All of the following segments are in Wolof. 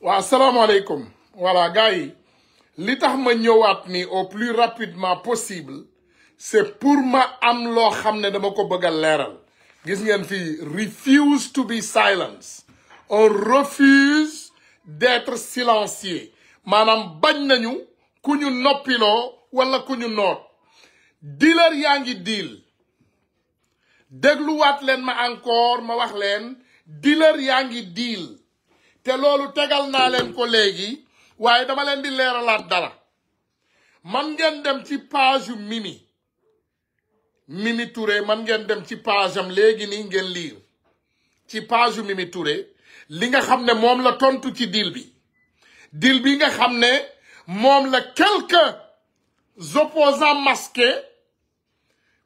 waa salaamaaleykum voilà gars yi li tax ma ñëwaat ni au plus rapidement possible c'est pour ma am loo xam ne dama ko bëgg a leeral gis ngeen fii refuse to be silence on refuse d'être silencieux maanaam bañ nañu ku ñu noppiloo wala ku ñu noot dealer yaa ngi deal dégluwaat leen ma encore ma wax leen dealer yaa ngi deal te loolu tegal naa leen ko léegi waaye dama leen di leeralaat dara man ngeen dem ci page Mimi Mimi Touré man ngeen dem ci page léegi nii ngeen liir ci page Mimi Touré li nga xam ne moom la tontu ci deal bi deal bi nga xam ne moom la quelques opposants maske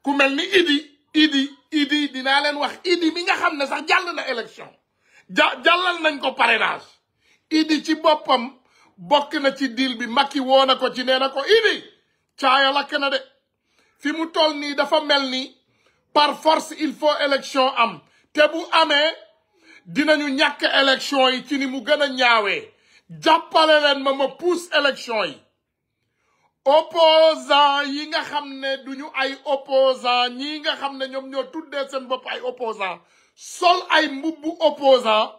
ku mel ni Idi Idi Idi dinaa leen wax Idi mi nga xam ne sax jàll na élection ja jàllal nañ ko parrainage idi ci boppam bokk na ci deal bi Macky woo na ko ci nee na ko idi caaya lakk na de fi mu toll nii dafa mel ni par force il faut élection am te bu amee dinañu ñàkk élection yi ci ni mu gën a ñaawee jàppale leen ma ma pousse élection yi opposant yi nga xam ne duñu ay opposant ñii nga xam ne ñoom ñoo tuddee seen bopp ay opposant sol ay mbubbu opposant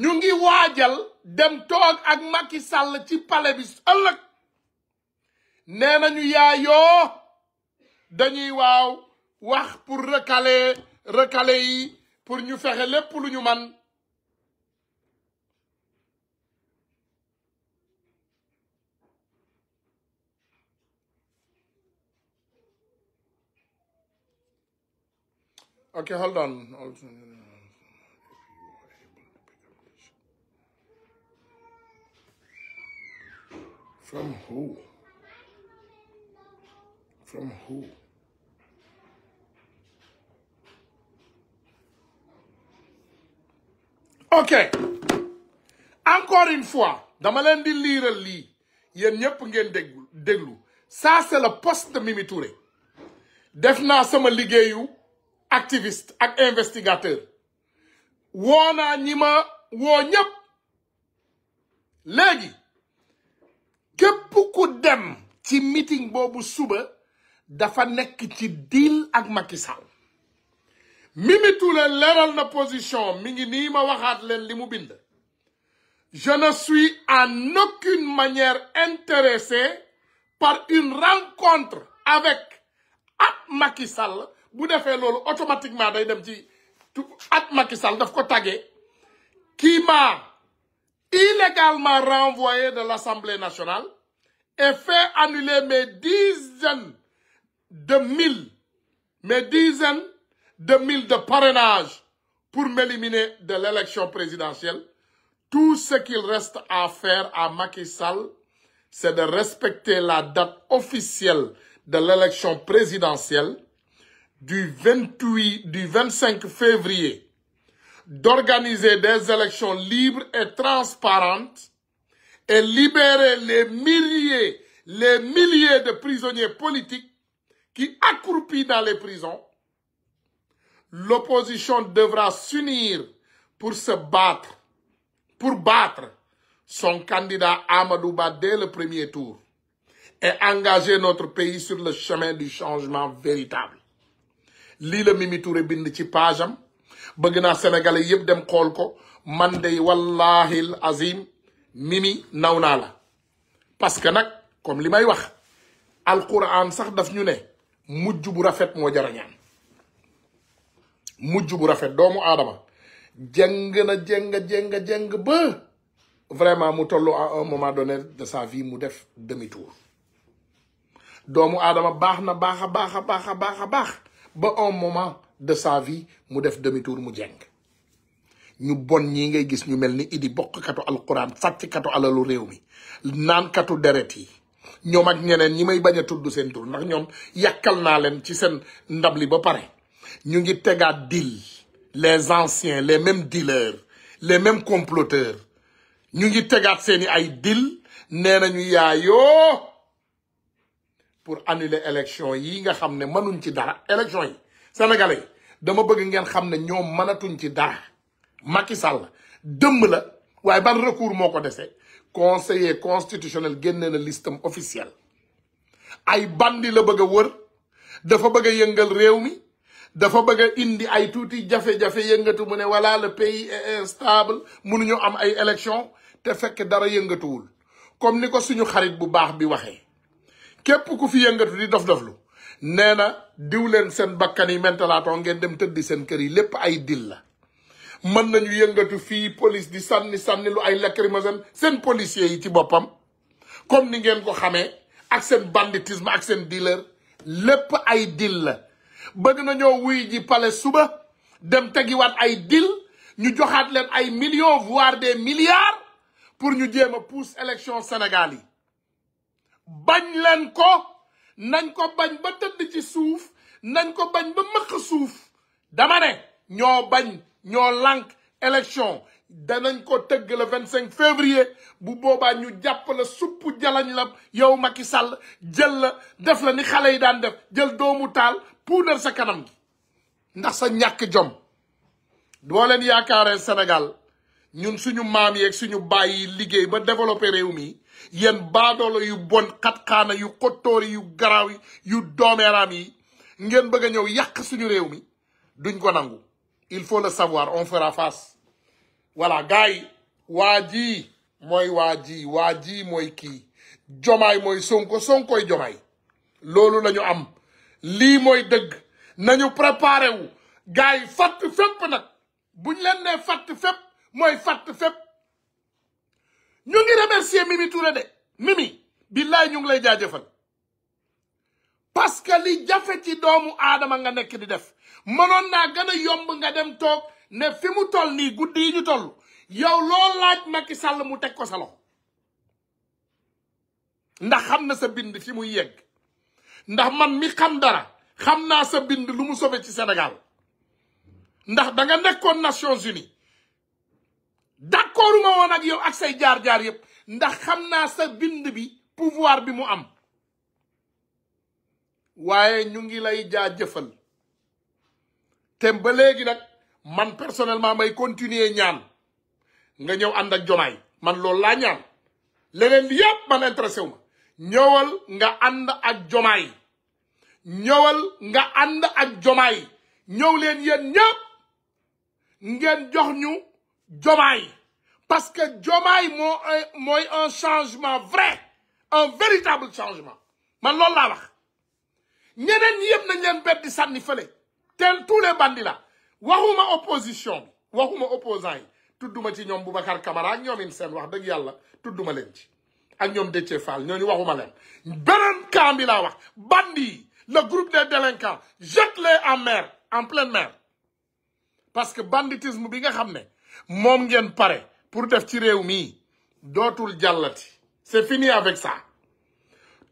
ñu ngi waajal dem toog ak Macky sàll ci pale bi ëllëg nee nañu yaayoo dañuy waaw wax pour recaler recaler yi pour ñu fexe lépp lu ñu man Okay, hold ok encore une fois dama leen di liiral lii yéen ñëpp ngeen déglu déglu ça c'est le poste Mimi Touré def naa sama liggéeyu activist ak investigateur woo naa ñi ma woo ñëpp léegi képp ku dem ci meeting boobu suba dafa nekk ci deal ak Macky Sall Mimi Touré leeral na position mi ngi nii ma waxaat leen li mu bind je ne suis en aucune manière intéressé par une rencontre avec ak Macky Sall bu defee loolu automatiquement day dem ci at Macky Sall daf ko tàggee qui m'a illégalement renvoyé de l'Assemblée nationale et fait annuler mes dizaines de mille mes dizaines de mille de parrainage pour m'éliminer de l'élection présidentielle tout ce qu'il reste à faire à Macky Sall c'est de respecter la date officielle de l'élection présidentielle du 28 du 25 février d'organiser des élections libres et transparentes et libérer les les milliers de prisonniers politiques qui accroupis dans les prisons, l'opposition devra s'unir pour se battre, pour battre son candidat Amadouba dès le premier tour et engager notre pays sur le chemin du changement véritable. lii la Mimi Touré bind ci page am bëgg naa sénégalais yëpp dem xool ko man de wallaahi azim Mimi naw naa la parce que nag comme li may wax alquran sax daf ñu ne mujj bu rafet moo jarañaan mujj bu rafet doomu aadama jëng na jëng jëng jëng ba vraiment mu tollu à un moment donné de vie mu def demi tour doomu aadama baax na baax a baax a baax a baax a baax ba un moment de sa vie mu def demi tour mu jeng ñu bon ñi ngay gis ñu mel ni idi bokkatu alquran sàcckatu alalu réew mi naankatu deret yi ñoom ak ñeneen ñi may bañ a tudd seen tur ndax ñoom yàkkal naa leen ci seen ndab li ba pare ñu ngi tegaat dil les anciens les mêmes dileur les mêmes comploteurs ñu ngi tegaat seeni ay deal nee nañu yaayoo pour annuler élection yi nga xam ne mënuñ ci dara élection yi sénégalais dama bëgg ngeen xam ne ñoom mënatuñ ci dara Macky Sall dëmm la waaye ban recours moo ko dese conseiller constitutionnel génne na listam officiel ay bandi la bëgg a wër dafa bëgg a yëngal réew mi dafa bëgg a indi ay tuuti jafe-jafe yëngatu mu ne voilà le pays est instable mënuñu am ay élection te fekk dara yëngatuwul comme ni ko suñu xarit bu baax bi waxee képp ku fi yëngatu di dof-doflu nee na diw leen seen bakkan yi mentalaatoo ngeen dem tëddi seen kër yi lépp ay dil la mën nañu yëngatu fii police di sànni sànni lu ay lacrymogène seen policier yi ci boppam comme ni ngeen ko xamee ak seen banditisme ak seen dealer lépp ay dil la bëgg nañoo wuy ji pale suba dem tegiwaat ay dil ñu joxaat leen ay millions voire des milliards pour ñu jéem a pousse élection Sénégal yi bañ leen ko nañ ko bañ ba tëdd ci suuf nañ ko bañ ba mëq suuf dama ne ñoo bañ ñoo lank élection danañ ko tëgg le vingt cinq février bu boobaa ñu jàpp la supp jalañ la yow Macky sàll jël la def la ni xale yi daan def jël doomu taal puudar sa kanam gi ndax sa ñàkk jom boo leen yaakaaree Sénégal ñun suñu maam yeeg suñu baay yi liggéey ba développé réew mi yéen baadoolo yu bon xatxaana yu xottoori yu garaaw yu doomeeraam yi ngeen bëgg a ñëw yàq suñu réew mi duñ ko nangu il faut le savoir on fera face voilà gars yi waa ji mooy waa ji waa ji mooy kii jomaay mooy sonko sonkooy jomaay loolu lañu am lii mooy dëgg nañu préparé wu gars yi fatt fépp nag buñ leen nee fatt fépp mooy fàtt fépp ñu ngi remercier Mimi Touré de Mimi billaay ñu ngi lay jaajëfal parce que li jafe ci doomu aadama nga nekk di def mënoon naa gën a yomb nga dem toog ne fi mu toll nii guddi yi ñu toll yow loo laaj Macky Sall mu teg ko sa loxo ndax xam na sa bind fi mu yegg ndax man mi xam dara xam naa sa bind lu mu sobe ci senegal ndax danga nekkoon Nations Unies d'accordu ma woon ak yow ak say jaar-jaar yépp ndax xam naa sa bind bi pouvoir bi mu am waaye ñu ngi lay jaajëfal te ba léegi nag man personnellement may continuer ñaan nga ñëw ànd ak jomaay man loolu laa ñaan leneen li yépp man intéressé wu ma ñëwal nga ànd ak jomaay ñëwal nga ànd ak jomaay ñëw leen yéen ñépp ngeen jox ñu Jomaay parce que Jomaay moo euh, mooy un changement vrai un véritable changement man loolu laa wax ñeneen ñi yëpp nañ leen bet di sànni fële tel tous les bandits là waxuma opposition bi waxuma opposant yi tudduma ci ñoom Boubacar Camara ak ñoom in seen wax dëgg yàlla tudduma leen ci ak ñoom Déthié Fall ñooñu waxuma leen beneen camp wax bandi yi le groupe des délinquants jette-les en mer en pleine mer parce que banditisme bi nga xam ne moom ngeen pare pour def ci réew mi dootul jàllati c'est fini avec sa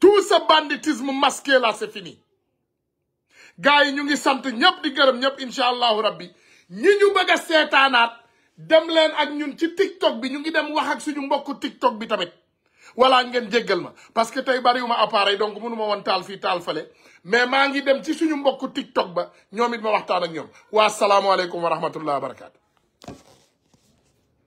tout ce banditisme masqué là c'est fini gars yi ñu ngi sant ñëpp di gërëm ñëpp incha allahu rabbi ñi ñu bëgg a seetaanaat dem leen ak ñun ci tiktok bi ñu ngi dem wax ak suñu mbokku tiktok bi tamit wala ngeen jéggal ma parce que tey bariwuma appareil donc mënu woon taal fii taal fale mais maa ngi dem ci suñu mbokku tiktok ba ñoom it ma waxtaan ak ñoom waa salaamualeykum wa rahmatullah wa barakatu